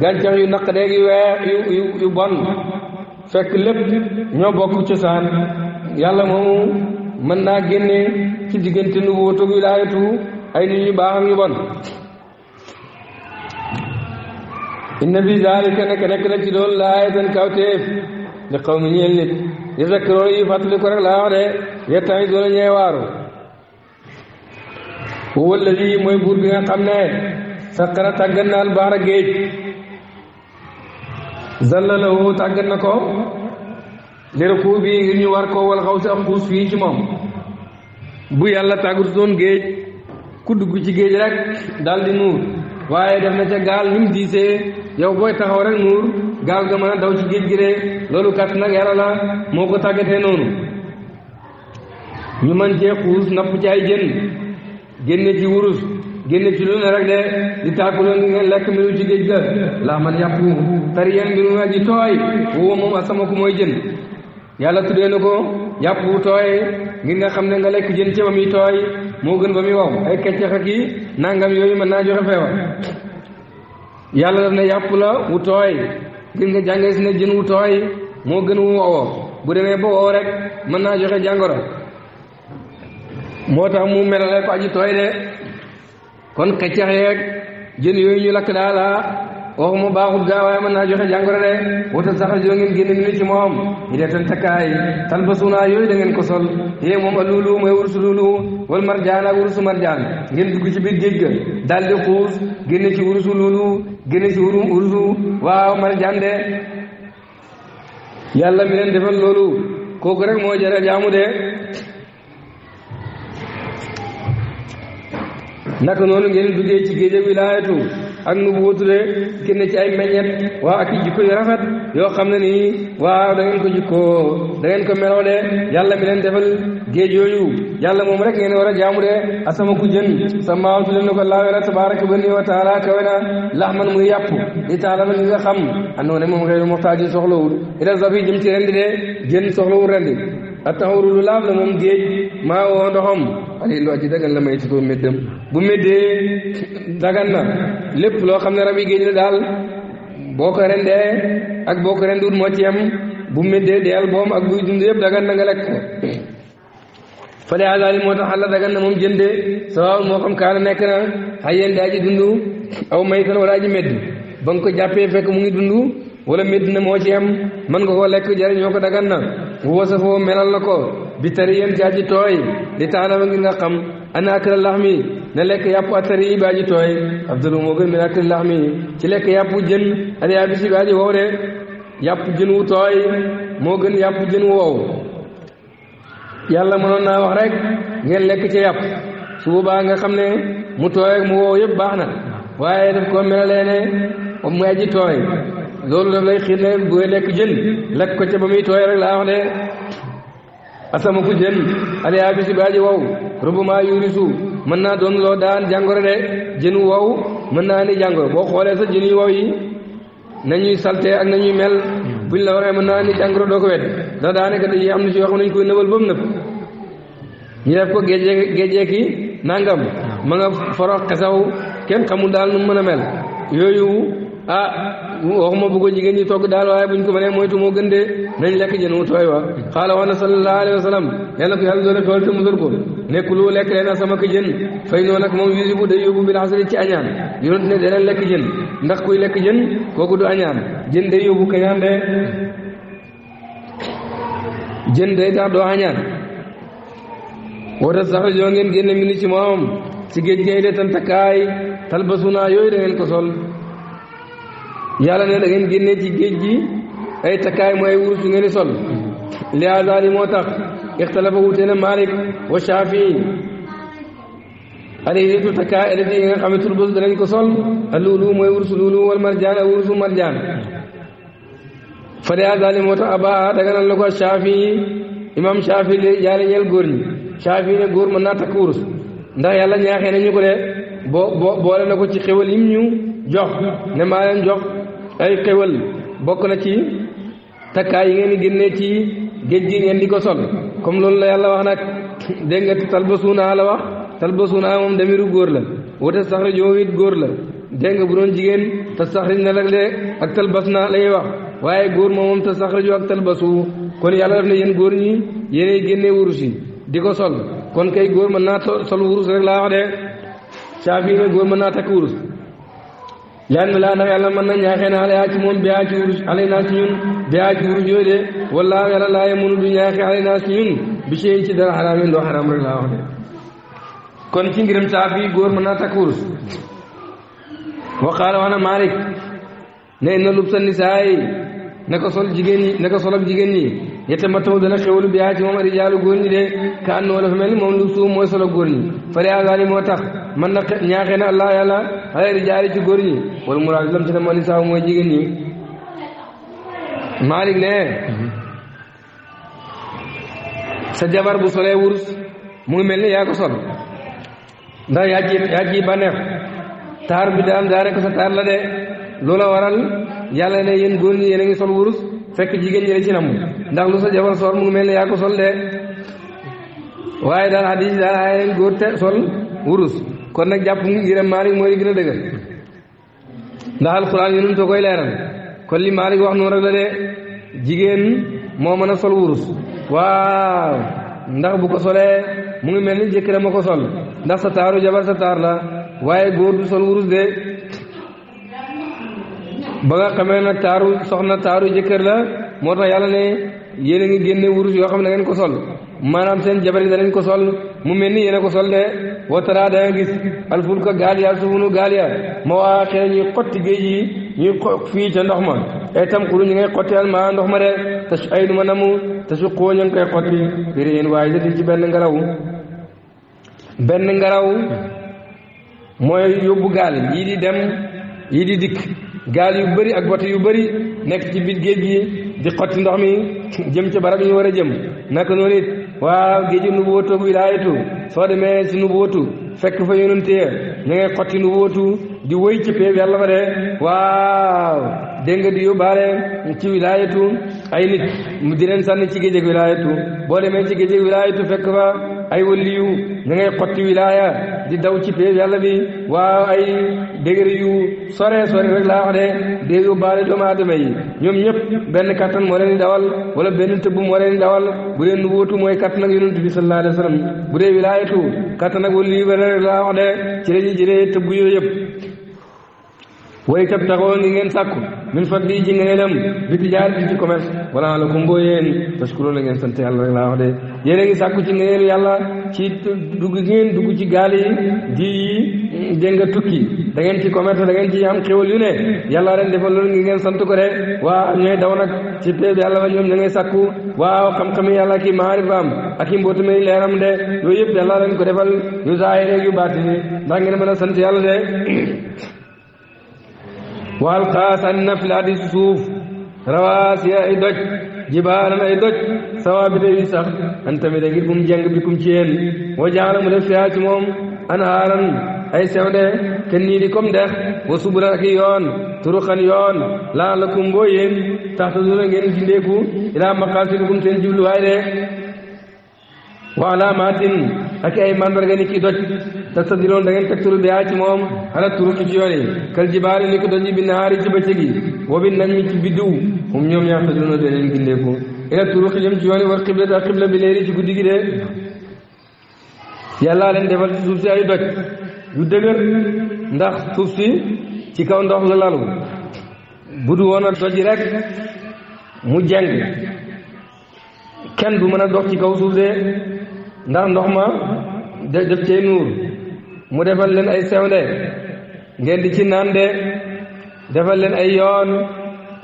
gàncax yu naq deeg yu wee yu yu bon fekk lépp ñoo bokk cosaan yàlla moomu mën naa génnee ci diggante nu wóotug wilaayatu ay nit ñu baax yu ñu bon inna fi zalika nekk nekk ci loolu laay seen kawteef li xaw mi ñeel nit yezakkaroon yi fàttali ko rek laa wax de yettaan yi ñeewaaru huwa alladi mooy buur bi nga xam ne saqara tàggat na albaara géej zalla lahu tàggat na ko lirkuu bi ngir ñu war ko wal xaw si ak xuus fii ci moom bu yàlla tàggat doon géej ku dugg ci géej rek daal nuur waaye def na ca gaal ni mu yow booy taxaw rek nuur gaal ga mën a daw ci géej gi rek loolu kat nag yàlla moo ko tàggatee noonu ñu mën cee xuus napp ci ay jën génne ji wurus génne ci lu ne rek de di taakuloo ni ngeen lekk mbiru ci géej ga laa man yàpp tariyan mbiru nga ji tooy woowu moom asama ku mooy jën yàlla tuddee na ko yàpp bu tooy ngir nga xam ne nga lekk jën ci ba muy tooy moo gën ba muy wow ay keccax ak yi nangam yooyu man naa joxe feebar yàlla daf ne yàpp la wu tooy ngir nga jàngee ne jën wu tooy moo gën wu wowoo bu demee ba wow rek mën naa joxe jàngoro moo tax mu melale ko aji tooy de kon keccax yeeg jën yooyu ñu lakk daala ah, waxuma baaxut gaa waaye mën naa joxe jàngoro de wota sax yoo ngeen génne ci moom ñu dee tan takkaay yooyu da ngeen ko sol yee moom a luulu mooy wursu luulu wal marjaan ak wursu marjaan ngeen dugg ci biir géej ga xuus génne ci wursu luulu génne ci wurum waaw marjaan de yàlla mi leen defal loolu kooku rek moo jara jaamu de naka noonu ngeen duggee ci géej wilaayatu ak nu wuutu de kenn ci ay meññet waa ak i jikko yu rafet yoo xam ne nii waaw da ngeen ko jikkoo da ngeen ko meloo de yàlla mi leen defal géej yooyu yàlla moom rek ngeen war a jaamu de asama ku jën sama tudd na ko laawela tabaraka ba nii wa taala kawe na lax man muy yàpp di taala la nga xam andoo ne moom xëy na moxtaajin soxlawul ila zabi jëm ci rendi de jën soxlawul rendi a taxawru lu laab la moom géej maa woo ndoxam lu aji dagan la may titoo méddam bu méddee dagan na lépp loo xam ne rabi géej la daal boo ko rendee ak boo renduut moo ci yem bu méddee deyal boom ak buy dund yëpp dagan na nga lekk fale moo tax àlla dagan na moom jënde sawaawul moo xam kaa nekk na xay yéen daa ji dund aw maytan wala aji médd ba nga ko jàppee fekk mu ngi dund wala médd na moo ci yem mën nga koo lekk jariñoo ko dagan na wosofo melalla ko bi tariyel jaji toy di talama ngi nga xam ana kala lahmi na lek yapu atari ibaji toy abdul mo gel mira kala lahmi ci lek yapu jeun ala yabi ci baji wore yapu jeun wu toy mo gel yapu jeun wo yalla mënon na wax rek ngeen lek ci yap su ba nga xamne mu toy ak mu wo yeb baxna waye dem ko melalene o mu aji toy loolu nag lay xiirneel booy lekk jën lekk ko ca ba muy tooy rek laa wax de asama ku jën aliyaa bi si baaji wow rubuma yurisu mën naa doon loo daan jàngoro de jën wow mën naa ni jàngoro boo xoolee sa jën yu wow yi nañuy salte ak nañuy mel buñ la waxee mën naa ni jàngoro doo ko wet ndax daanaka dañuy am na ci yoo xam nañ koy nëbal ba mu nëb ñu def ko géejee nangam ma nga forox xesaw kenn xamul daal nu mën a mel yooyu ah waxuma bëggoon jigéen ñi togg daal waaye buñ ko mënee moytu moo gën de nañ lekk jën wu tooy wa xaala wax na sallallahu alayhi wa sallam yàlla ko yàlla doole tool te mu ko nekk lu lekk sama asamaka jën fay noonu moom yusi bu day yóbbu bi laxasari ci añaan yonent ne dana lekk ndax kuy lekk jën kooku du añaan jën day yóbbu kañaan de jën day tax doo añaan wata sax yoo ngeen génne mi ni ci moom si géej géej de tan takkaay talbasuna yooyu da ngeen ko sol yàlla ne da ngeen genné ci géej gi ay takay moy wursu ngeen sol li azali motax ikhtalafu tena Malik wa shafi ali yitu takay alati di nga xam ne tulbus danañ ko sol alulu moy wursu lulu wal marjan wursu marjan fari azali li aba da tax lako shafi imam shafi li yàlla ñel góor ñi shafi ne góor man na takk wurus ndax yàlla ñaaxee nañu ko le bo bo boole na ko ci xéwal yim ñu jox ne ma len jox ay xéwal bokk na ci takkaay yi ngeen di génnee ci géej gi ngeen di ko sol comme loolu lay yàlla wax nag dégg nga talbasuuna la wax talbasuuna moom damiru góor la wata saxri joo it góor la dégg nga bu doon jigéen te saxri na rek de ak talbas na la ñuy wax waaye góor moom moom te saxri joo ak talbasu kon yàlla def na yéen góor ñi yéenay génne wurus yi di ko sol kon kay góor mën naa sol wurus rek laa wax de caafi ne góor mën naa takk wurus lenn laa ndax yàlla mën na ñaaxee naa alayaa ci moom bi ci wurus alay naa ci ñun bi ci wurus yooyu de wallaahu yàlla laa yemunu du ñaaxee alay naa ci ñun bi seen dara xaraameen loo xaraam rek laa wax de kon ci ngiram saa fii góor mën naa takk wurus wa qaala wax na Maalik ne na lubsa nisaa yi na ko sol jigéen ñi na ko jigéen ñi yette mattaw dana xewlu biyaa ci moom arijaalu góor ñi de ka annoo dafa mel moom lu suum mooy solo góor ñi moo tax man na ñaaxee na allah yàlla ala rijaali ci góor ñi wala lam ci dama ni saaw mooy jigéen ñi Malik ne sa jabar bu solee wurus mu mel ni yaa ko sol ndax yaa ci yaa ci bànneex taar bi daal daanaka sa taar la de loola waral yàlla ne yéen góor ñi a ngi sol wurus fekk jigéen ñi la ci namu ndax lu sa jabar sol mu ngi mel ne yaa ko sol de waaye daal hadis daal ay góor te sol wurus kon nag jàpp mu ngi gën a Maalik mooy gën a dëgër ndax alxuraan yi nu mu koy leeral kon li Maalik wax noonu rek la de jigéen moo ma a sol wurus waaw ndax bu ko solee mu ngi mel ni jëkkëram a ko sol ndax sa taaru jabar sa taar la waaye góor du sol wurus de. ba nga xamee nag taaru soxna taaru jëkkër la moo tax yàlla ne yéen a ngi génne wurus yoo xam ne ngeen ko sol maanaam seen jabar yi danañ ko sol mu mel ni yéen ko sol de watara da nga gis alfulka gaal ya sufunu gaal ya ma yi ñuy fii ca ndox ma ay ngay xotti ndox ma ma namu te su xoo ñu ngi benn ngaraw benn ngaraw mooy yóbbu gaal di dem yii di dikk gaal yu bëri ak bato yu bëri nekk ci biir géej gi di xotti ndox mi jëm ci barab ñu war a jëm naka noonu it waaw géeju nu wóotu ak wilaayatu soo demee si nu wóotu fekk fa yonante ya ñu ngay xotti nu wóotu di wëy ci péeb yàlla ba de waaw dégg nga di yóbbaale ci wilaayatu ay nit di leen sànni ci géej wilaayatu boo demee ci géej wilaayatu fekk fa ay waliyu ña ngay xotti wilaaya di daw ci péeb yàlla bi waaw ay dégëri yu sore sore rek laa wax de dee yóbbaale doomu aadama yi ñoom ñëpp benn kattan moo leen di dawal wala benn tëbb moo leen di dawal bu dee nubuutu mooy kattan ak yonent bi sallallahu alayhi wa sallam bu dee wilaayatu kattan ak laa wax de ci la way tab taxoo ngeen sàkku min fadli ji ngëneelam bi tijaar bi ci commerce wala la ko mboo yéen tashkuroo la ngeen sant yàlla rek laa wax de yéen ngi sàkku ci ngëneelu yàlla ci dugg ngeen dugg ci gaal yi di dégg nga tukki da ngeen ci commerce da ngeen ci am xéwal yu ne yàlla ren defal loolu ngi ngeen sant ko de waa ñooy daw nag ci ngay sàkku waaw xam-xami yàlla ki maarifaam ak i mbootamay leeram de yooyu yëpp yàlla ren ko defal yu zaahir yu baatin ndax ngeen mën a sant yàlla de wa alqaa sànna fil ardi si suuf rawaasiya ay doj jibaalan ay doj sawaabita yu sax an tamit ngir bu jeng bi ci yéen wa def fiyaa ci moom anhaaran ay sewde ke niiri comme dex wa subulan ak yoon turuqan yoon la'allakum boo yéen taxtaduna ngeen gindeeku ilaa maqaasidikum seen jubluwaay de wa alaamaatin ak ay mandarga ni ki doj tastadiroon da ngeen tegtalu biyaa ci moom ala turuki ci yoon yi kal jibaari bi nahaari ci bëccëg yi wa bi nañ mi ci biddiw moom ñoom yaxtaduuna deneen gindeeku ila turuki jëm ci yoon yi war xiblata ak xibla bi léeri ci guddi gi de yàllaa leen defal ci suuf si ay doj yu dëgër ndax suuf ci kaw ndox la lalu bu du rek mu jeng kenn du mën dox ci kaw suuf ndax ndox ma da def cee nuur mu defal leen ay sewle ngeen di ci naan de defal leen ay yoon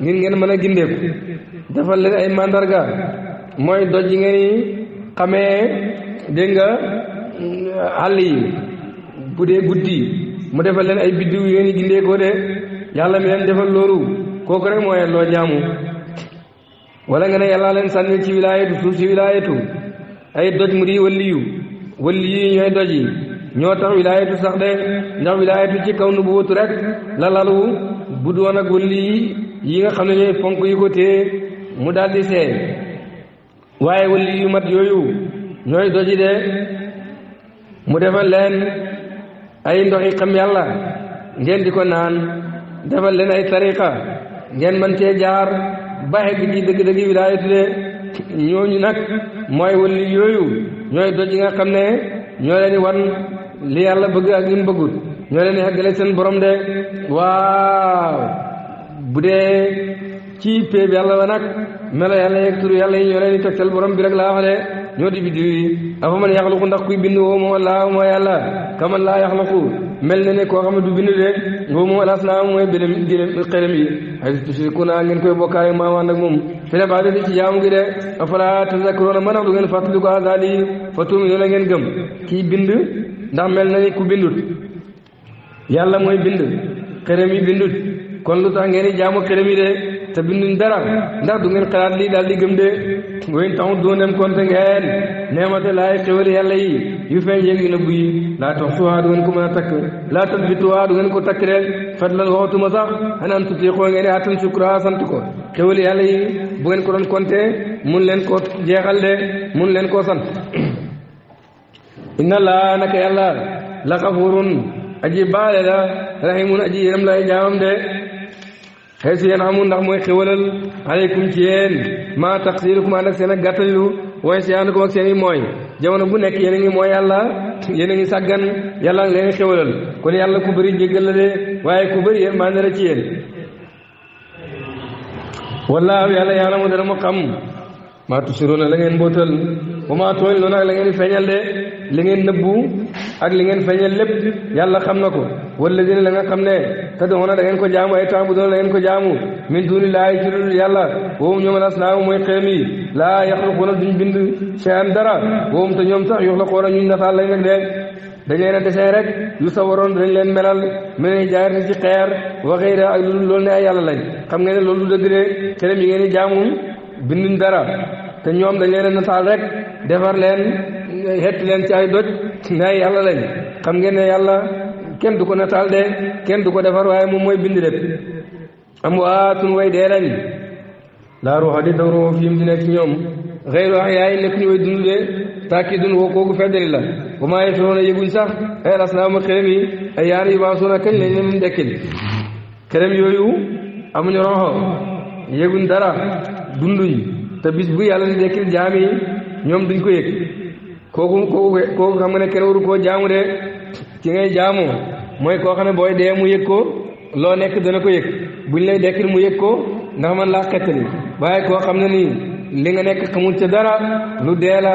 ngir ngeen mën a gindeeku defal leen ay mandarga mooy doj yi ngeen xamee dégg nga àll yi bu dee guddi mu defal leen ay biddiw yu ngeen gindeekoo de yàlla mi leen defal loolu kooku rek mooy loo jaamu wala nga ne yàlla leen sànni ci wilaayatu suuf si wilaayatu ay doj mu di waliyu wali ñooy doj yi ñoo tax wilaayatu sax de ndax wilaayatu ci kaw nubuwatu rek la lalu bu doon ak wali yi yi nga xam ne ñooy fonk yi ko téye mu daal di seey waaye wali yu mat yooyu ñooy doji de mu defal leen ay ndoxi xam yàlla ngeen di ko naan defal leen ay tariqa ngeen mën cee jaar ba xegg ci dëgg-dëgg wilaayatu de ñooñu nag mooy wëli yooyu ñooy doj yi nga xam ne ñoo leen wan li yàlla bëgg ak li ñoo leen xeggale seen borom de waaw bu dee ci péeb yàlla la nag melo yàlla yeeg turu yàlla yi ñoo leen di tegtal borom bi rek laa ñoo di biddiw yi afa man yaxluqu ndax kuy bind woo moom allah mooy yàlla kaman laa yaxluqu mel na ne koo xam ne du bind de woo moom alasnaam mooy bilam dilam xelam yi ay tushrikuuna ngeen koy bokkaale maa waan ak moom fi la baade ci jaamu gi de afala tazakkaruuna mën a du ngeen fàttali ko azali fa tuuminuuna ngeen gëm kii bind ndax mel na ku bindut yàlla mooy bind xelam bindut kon lu ngeen jaamu xelam de te binduñ dara ndax du ngeen xalaat lii daal di gëm de wéyn taxut du dem konte ngeen neemate laay xéwal yàlla yu feeñ yeeg yu na yi laa tax suwaa du ngeen ko mën a takk laa tax bituwaa du ngeen ko takk de fatlal waxatuma sax xanaan tuti xoo ngeen attan sukura sant ko xéwal yàlla bu ngeen ko doon konte mun leen ko jeexal de mun leen ko sant inna laa naka yàlla la xafurun aji baale la rahimun aji yërëm lay jaamam de xëy si yéen amul ndax mooy xéwalal aleykum ci yéen maa taqsirukum ànd ak seen ak gàttalilu waaye si ànd ko ak seen i mooy jamono bu nekk yéen a ngi moo yàlla yéen a ngi sàggan yàlla a leen xéwalal kon yàlla ku bëri njëgal la de waaye ku bëri yéen maa ci yéen. wallaahu yàlla yàlla mu dana mu xam maa tusiroona la ngeen mbootal ba maa tooñ loona ak la ngeen feeñal de li nëbbu ak li ngeen feeñal lépp yàlla xam na ko. wala dina la nga xam ne te doona da ko jaamu ay taamu doona da ngeen ko jaamu min duuni laahi ci dul yàlla woowum ñoom alasnaamu mooy xeem yi laa yaxluquuna duñ bind shay'an dara woowum te ñoom sax yuxlaquuna ñuñ nataal lañ rek de dañ leen a desee rek sa waroon dañ leen melal mel ni jaarete ci xeer wa xayra ak lu loolu ay yàlla lañ xam ngeen ne loolu du dëgg de xelam ngeen di jaamu binduñ dara te ñoom dañ leen a nataal rek defar leen xett leen ci ay doj ne ay yàlla lañ xam ngeen ne yàlla kenn du ko nataal de kenn du ko defar waaye moom mooy bind lépp amwaatun way dee lañ laa ruuxa di daw fiim di nekk ñoom xëy na yaay nekk way dund de tàkki dund woo kooku feddali la bu maa yesroona yëguñ sax ay raslaama xërëm yi ay yaana yu kañ lañ dekkil xërëm yooyu amuñu roxo yëguñ dara dunduñ te bis bu dekkil jaam ñoom duñ ko yëg kooku kooku nga ne kenn koo jaamu de ki ngay jaamu mooy koo xam ne booy dee mu yëg ko loo nekk dana ko yëg buñ lay dekkil mu yëg ko ndax man laa xettali waaye koo xam ne nii li nga nekk xamul ca dara lu dee la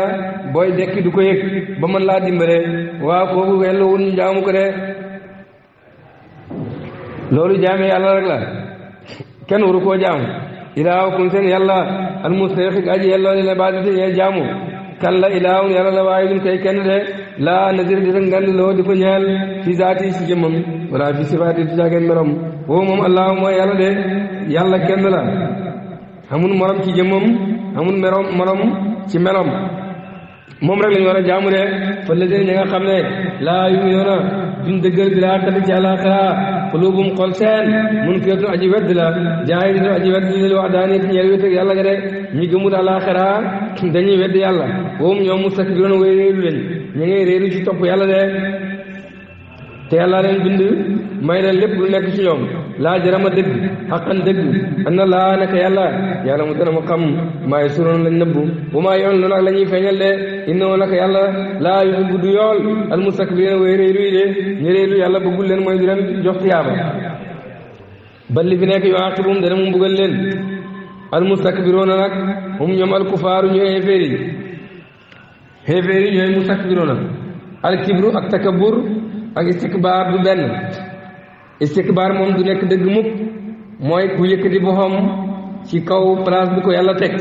booy dekki du ko yëg ba mën laa dimbale waaw koo kooku wellu wun jaamu ko de loolu jaame yàlla rek la kenn waru koo jaamu ilaahukum seen yàlla al mustaxiq aji yelloo li la jaamu kan la ilaahun yàlla la waaye duñ koy kenn de laa nazir di rek ngànd loo di ko ñeel fi zaati si jëmmam wala fi sifaati du woo moom allah mooy yàlla de yàlla kenn la amul morom ci jëmmam amul merom morom ci melom moom rek la ñu war a jaamu de fa la ñi nga xam ne laa yuminuuna duñ dëggal bi laa tali ci àllaaxira xulubum xol seen mun fi yetun aji wedd la jaay dinu aji wedd lil wax daani ti ñeel wéeteg yàlla ga de ñi gëmul àllaaxira dañuy wedd yàlla woom ñoom mustakbiroon wéy réeru lañ ci topp yàlla de te yàlla leen bind may leen lépp lu nekk ci ñoom laa jarama dëgg xaqan dëgg am na laa naka yàlla yàlla mu dana mu xam maay suroon lañ nëbbu bu maa yoon lu nag la ñuy feeñal de innoo naka yàlla laa yuhibbu du yool al mustakbirina way réeru yi de ñu réeru yàlla bëggul leen mooy du leen jox tiyaaba balli li fi nekk yu aqibum dana mu mbugal leen al mustakbiruna nag hum ñoom al kufaaru ñu xeefeer yi xeefeer yi ñooy mustakbiruna al kibru ak takabur ak istikbaar du benn istikbaar moom du nekk dëgg mukk mooy ku yëkkati boppam ci kaw place bu ko yàlla teg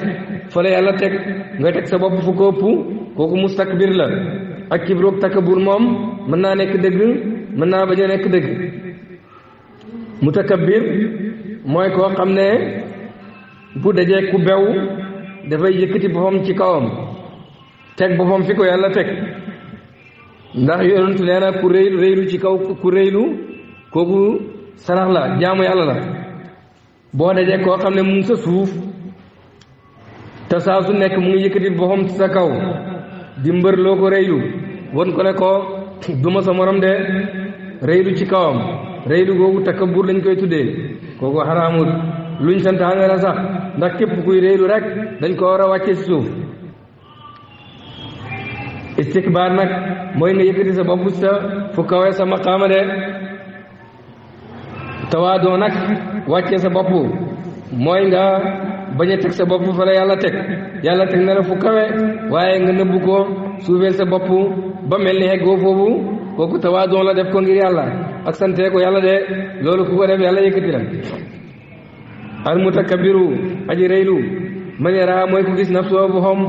fa la yàlla teg nga teg sa bopp fu ko ëpp kooku mustakbir la ak kibroog takabur moom mën naa nekk dëgg mën naa bañ a nekk dëgg mutakabbir mooy koo xam ne bu dajee ku bew dafay yëkkati boppam ci kawam teg boppam fi ko yàlla teg ndax yonentu nee na ku rëy rëylu ci kaw ku rëylu kooku sarax la jaamu yàlla la boo dajee koo xam ne mu sa suuf te saa su nekk mu ngi yëkkati boppam sa kaw di mbër loo ko rëylu won ko ne ko duma sa morom de rëylu ci kawam rëylu googu takabur lañ koy tuddee kooku xaraamut luñ santaane la ndax képp kuy rëylu rek dañ koo war a wàcce si suuf istikbaar nag mooy nga yëkkati sa bopp sa fu kawee sa maqaama de tawaadoo nag wàccee sa bopp mooy nga bañ teg sa bopp fa yàlla teg yàlla teg na la fu kawe waaye nga nëbbu ko suufeel sa bopp ba mel ni goo foofu kooku tawaadoo la def ko ngir yàlla ak santee yàlla de loolu ku ko def yàlla yëkkati la al mutakabiru aji reylu mooy ku gis nafsu bu xom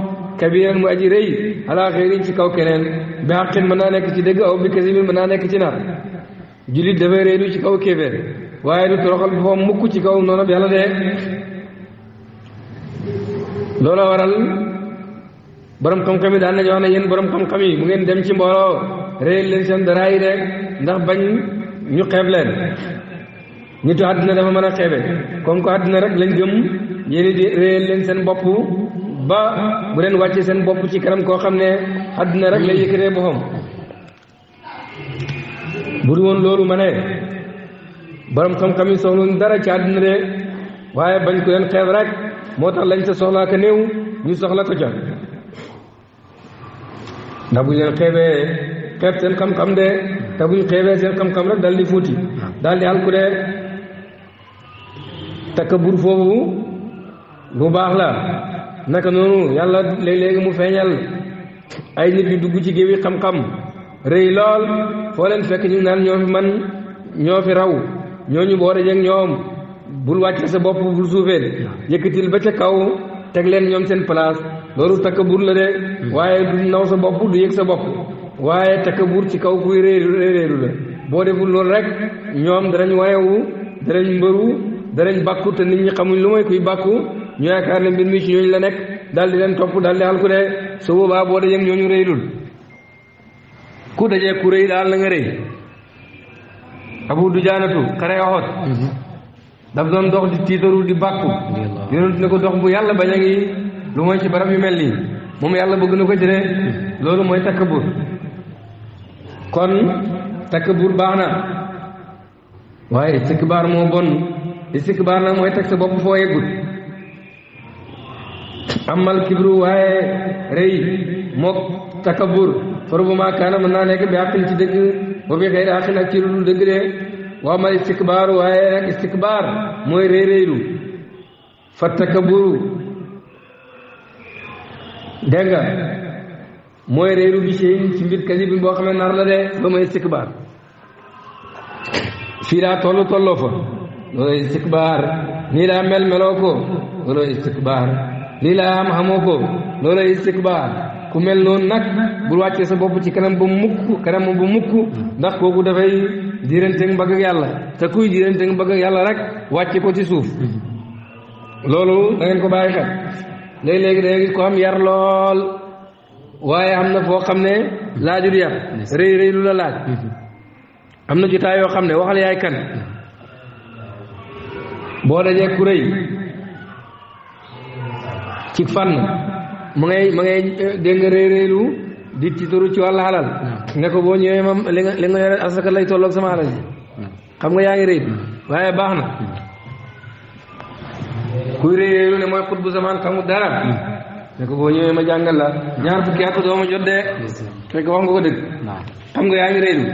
kabiran mu aji rëy ala ci kaw keneen bi xaqin mën naa nekk ci dégg aw bi kasibin mën naa nekk ci nar jullit dafay rëy lu ci kaw kéeféer waaye du toroxal boppam mukk ci kaw noonu bi yàlla de loola borom xam-xam yi daan borom xam yi mu ngeen dem ci mbooloo réyal leen seen de ndax bañ ñu xeeb leen nitu àddina dafa mën a xeebe comme que àddina rek lañ gëm yéen di réyal leen seen bopp ba bu len wacce sen bop ci karam ko xamne ne rek la yëkkatee boppam bu du woon loolu ma borom xam-xam yi dara ci àddina re waye bañ ko len xew rek motax lañ ci soxla ka new ñu soxla ko ca ndax bu len xewé xeeb sen xam-xam de te bu xewé sen xam-xam rek dal di futi dal di alku takabur fofu bur lu baax la naka noonu yàlla léeg-léegi mu feeñal ay nit yu dugg ci géewi xam-xam rëy lool foo leen fekk ñu naan ñoo fi man ñoo fi raw ñooñu boo dajee ñoom bul wàcce sa bopp bul suufee yëkkatil ba ca kaw teg leen ñoom seen place loolu takk buur la de waaye du naw sa bopp du yëg sa bopp waaye takk buur ci kaw kuy réeru réeru la boo deful loolu rek ñoom danañ wayewu danañ mbëru danañ bàkku te nit ñi xamuñ lu mooy kuy bàkku ñu yaakaar ne mbir mi ci ñooñu la nekk daal di leen topp daal di xal ku ne su boobaa boo dajee ak ñooñu rëylul ku dajee ku rëy daal na nga rëy abu dujaanatu xare oxot daf doon dox di tiitaru di bàkku yonent ne ko dox bu yàlla bañ a ngi lu mooy ci barab yi mel nii moom yàlla bëgg na ko ci de loolu mooy takkabur kon takkabur baax na waaye istikbaar moo bon istikbaar nag mooy teg sa bopp foo yeggut amal kibru waaye rëy mook takabur farubama kaana mën naa nekk bi àqin dëgg wa bi xëyri àqin dëgg de wa istikbaar waaye nag istikbaar mooy rëy rëylu fa takaburu dégg nga mooy rëylu bi seen ci mbir kasi bi boo xamee nar la de ba istikbaar fii laa toll tolloo fa loolu istikbaar nii laa mel meloo ko istikbaar lii laa am xamoo ko loola istikbaar ku mel noonu nag bu wàccee sa bopp ci kanam ba mukk kanam ba mukk ndax kooku dafay diiranteeg mbagg yàlla te kuy diiranteeg mbagg yàlla rek wàcce ko ci suuf loolu da ko bàyyi xel léeg-léegi da ko am yar lool waaye am na foo xam ne laajul yar rëy rëy lu la laaj am na jotaay yoo xam ne waxal yaay kan boo dajee ku rëy ci fànn mu ngay ma ngay eh, dégg nga réeréelu di ci wàllu xalal ne ko boo ñëwee ma li nga nga yore asaka lay tolloog sama xalal ji xam nga yaa ngi réy waaye baax na kuy réeréelu ne mooy xut bu zaman xamu dara ko boo ñëwee ma jàngal la ñaar fukki at doo ma jot de fekk wax ko dëgg xam nga yaa ngi réylu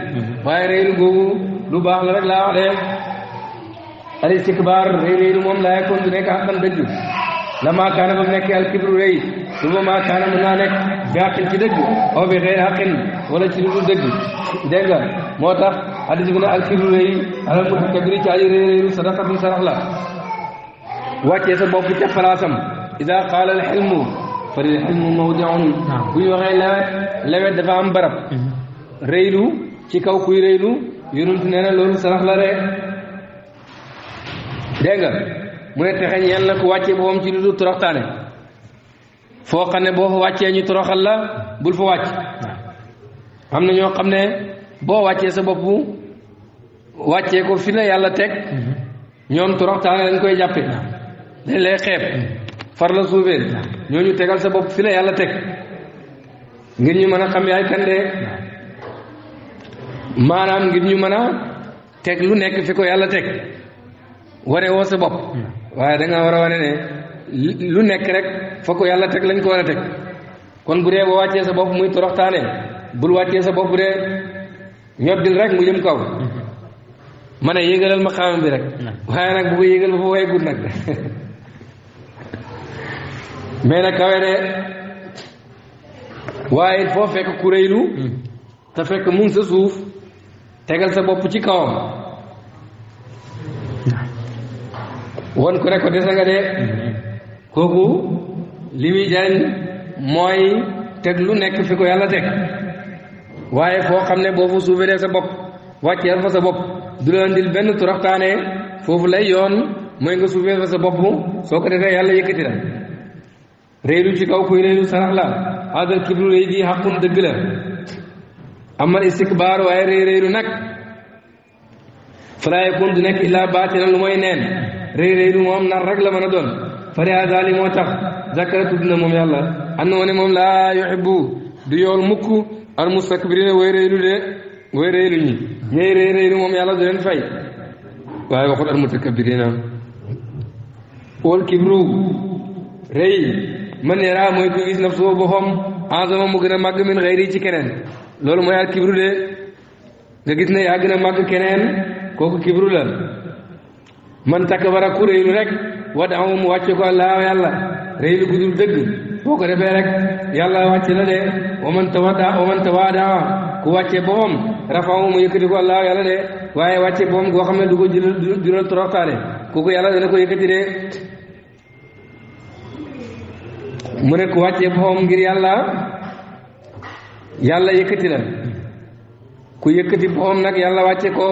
waaye réylu googu lu baax la rek laa wax de al istikbar réyréelu moom laa yekkoon du nekk xaqan lama kaana ba mu nekkee alkibru rëy suma maa kaana mën naa nekk bi xaqin ci dëgg aw bi xëy xaqin wala ci lu dul dëgg dégg moo tax hadis bi ne alkibru rëy alal mutakabiri ci aji réeréeru sadaqatun sarax la wàccee sa bopp ca palaasam ida qaala al xilmu fa lil xilmu mawdiun bu ñu waxee lewet lewet dafa am barab rëylu ci kaw kuy rëylu yonent nee na loolu sarax la rek dégg nga bu dee texe ñeel na ko wàccee boppam ci lu dul toroxtaane foo xam ne boo wàccee ñu toroxal la bul fa wàcc am na ñoo xam ne boo wàccee sa bopp wàccee ko fi la yàlla teg ñoom toroxtaane lañ koy jàppe dañ lay xeeb far la suufee ñu tegal sa bopp fi la yàlla teg ngir ñu mën a xam yaay kan maanaam ngir ñu mën a teg lu nekk fi ko yàlla teg waree sa bopp waaye da nga war a wane ne lu nekk rek fa ko yàlla teg lañ ko war a teg kon bu dee boo wàccee sa bopp muy toroxtaane bul wàccee sa bopp bu dee ñoddil rek mu jëm kaw ma ne yéegalal ma xaamam bi rek waaye nag bu ko yéegal ba fa way gudd nag mais nag kawe de waaye foo fekk ku hmm. te fekk mu sa suuf tegal sa bopp ci kawam won ku ne ko dese de kooku li muy jariñ mooy teg lu nekk fi ko yàlla teg waaye foo xam ne boo fa suufee sa bopp wàcceel fa sa bopp du benn turaxtaane foofu lay yoon mooy nga suufee sa bopp soo ko yàlla yëkkati la réylu ci kaw kuy réylu sarax la adal kibru réy ji xaqun dëgg la amal istikbaar waaye réy réylu nag falaa yakun du nekk illaa baatinan lu mooy neen rëy rëy lu moom nar rek la mën a doon fariha daali moo tax zakara tudd na moom yàlla am na ne moom laa yuhibbu du yool mukk al mustakbirina way rëylu de way rëylu ñi ñëy rëy moom yàlla du leen fay waaye waxul al mutakabirina wal kibru rëy man yaraa mooy ku gis nafsu boppam azama mu gën a màgg min xëyri ci keneen loolu mooy al kibru de nga gis ne yaa gën a màgg keneen kooku kibru la man takabara ku réylu rek wa dama mu wàcce ko allah yàlla réylu gu dul dëgg boo ko defee rek yàlla wàcce la de waaye wàcce boppam goo xam ne du ko jural toroxtaale kooku yàlla dana ko yëkkati de mu ne ku wàcce boppam ngir yàlla yàlla yëkkati la ku yëkkati boppam nag yàlla wàcce ko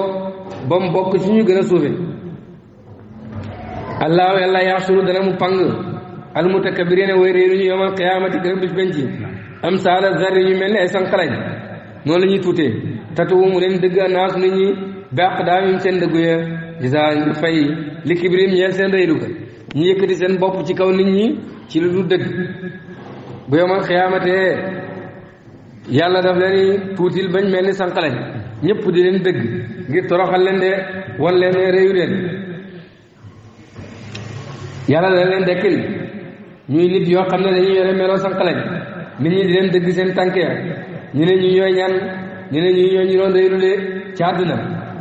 ba mu bokk ci ñu gën a suufe allahu yàlla yaxsuru dana mu pang almutakabirina way réeru ñu yowmal qiyaamati gërëm ci am saala zarri ñu mel ni ay sanqalañ noonu la ñuy tuutee tatuwu mu leen dëgg anaas nit ñi bàq daa seen dëggu ya gisaa fay li kibirim ñeel seen rëylu ko ñu yëkkati seen bopp ci kaw nit ñi ci lu dul dëgg bu yowmal xiyaamatee yàlla daf leen tuutil bañ mel ni sanqalañ ñëpp di leen dëgg ngir toroxal leen de wan leen ne leen yàlla dana leen dekkil ñuy nit yoo xam ne dañuy yore meloo sànqalañ nit ñi di leen dëgg seen tànk ya ñu ne ñu ñooy ñan ñu ne ñu ñooy ñu doon réylulee ci àdduna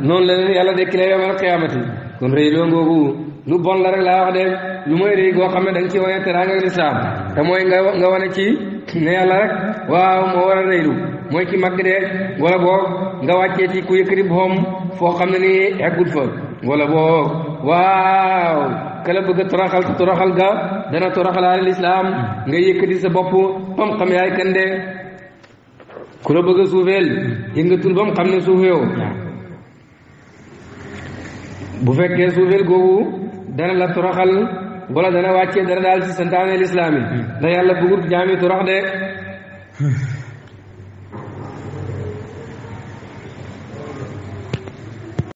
noonu la leen yàlla de dekkilee yawmal qiyaamati kon réyloo ngoogu lu bon la rek laa wax de lu mooy réy goo xam ne da nga ci wane teraanga ak lislaam te mooy nga nga wane ci ne yàlla rek waaw moo war a réylu mooy ki màgg de wala boog nga wàccee ci ku yëkkati boom foo xam ne nii eggul fa wala boog waaw kala bëgg a toroxal toroxal ga dana toroxalaale lislaam nga yëkkati sa bopp ba mu xam yaay kan de ku la bëgg a suufeel yëngatul ba mu xam ne suufeew bu fekkee suufeel googu dana la toroxal wala dana wàccee dara daal ci santaane lislaam yi ndax yàlla jaami torox